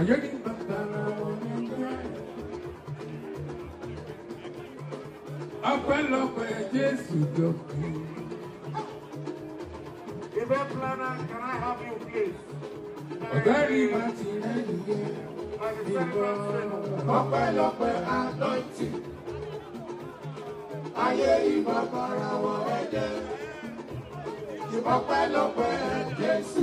ọpẹ́lọpẹ́ Jésù dọkú. Event planner, can I have you please? Ọ̀gárí Màtí Nàìjíríà ìbọn ọpẹ́lọpẹ́ àdọ́ìtì. Ayé ìbọn para wọ ẹ̀jẹ̀. Ìbọn ọpẹ́lọpẹ́ Jésù.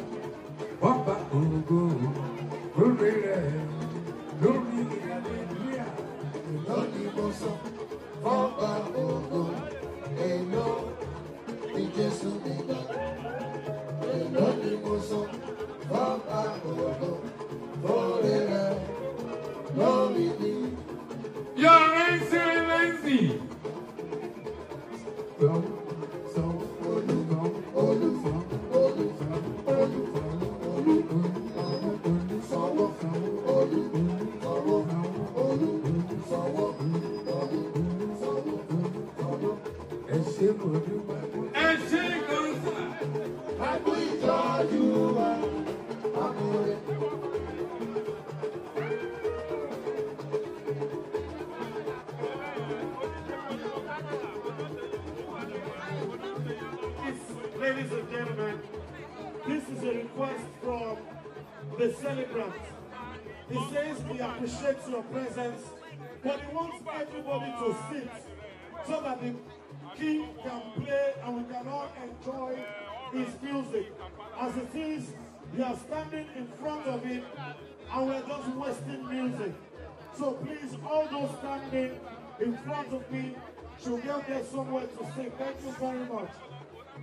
Hooray! ladies and gentlemen, this is a request from the celebrant. He says he appreciates your presence, but he wants everybody to sit so that the king can play and we can all enjoy his music. As it is, we are standing in front of him and we're just wasting music. So please, all those standing in front of me should go there somewhere to sing. Thank you very much.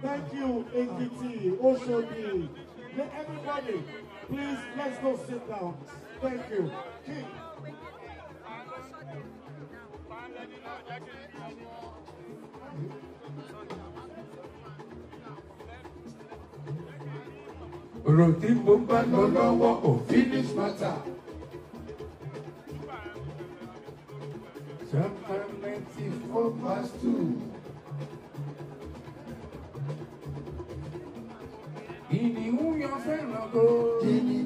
Thank you, AGT, Let Everybody, please, let's go sit down. Thank you. King. ọ̀rọ̀ tí mo bá lọ lọ́wọ́ ò finish matter. Chapter ninety four past two. Ìníhùn yan fẹ́ràn gan-an.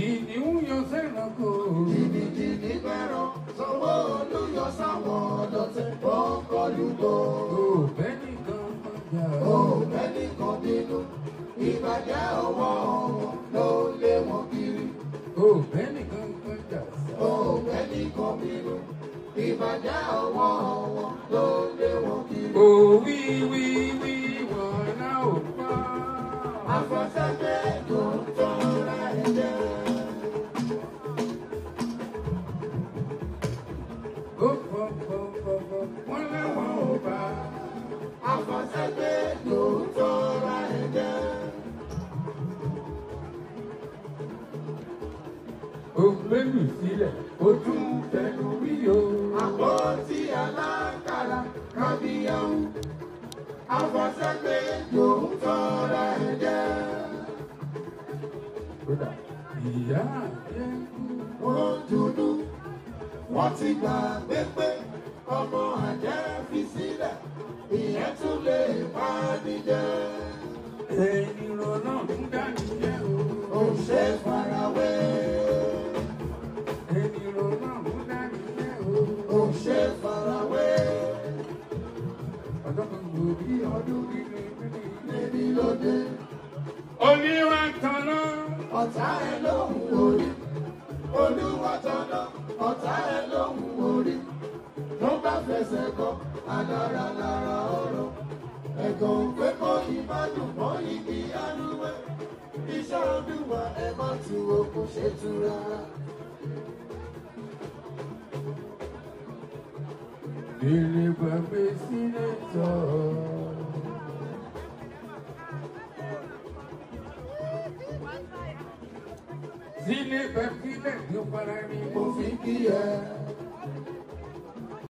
kìnìún yọ sẹ́ranko. jìnnìjìnnì bẹ̀rọ sanwó olúyọ sáwọn ọ̀dọ́tẹ̀ wọ́n kọlu bò. kò bẹ́ni kan mọ̀ jà. kò bẹ́ni kan bínú ìbàjẹ́ ọwọ́ wọn ló lé wọn kiri. kò bẹ́ni kan mọ̀ jà. kò bẹ́ni kan bínú ìbàjẹ́ ọwọ́ wọn ló lé wọn kiri. kò wí mi sílẹ̀ ojú tẹnu rí o. àpótí alákàrà kábíyáwó afọ́sẹ́gbẹ́ yòówù tọ́ra ẹ̀ jẹ́. ìyá àjẹ́ ó dúdú wọ́n ti gbàgbé pé ọmọ àjẹ́ fi sílẹ̀ ìyẹn tún lè bá a níjẹ́. ọ̀tá ẹ lóhùn orí ló bá fẹsẹ̀ kọ alára lára ọ̀rọ̀ ẹ̀gàn òpé kọ́ ìbádùn mọ́ ibi àdúgbò iṣẹ́ olúwa ẹ má tu okùn ṣe tu rárá. Délé sílé tán. Zile, perfile, eu para mim, por fim que é.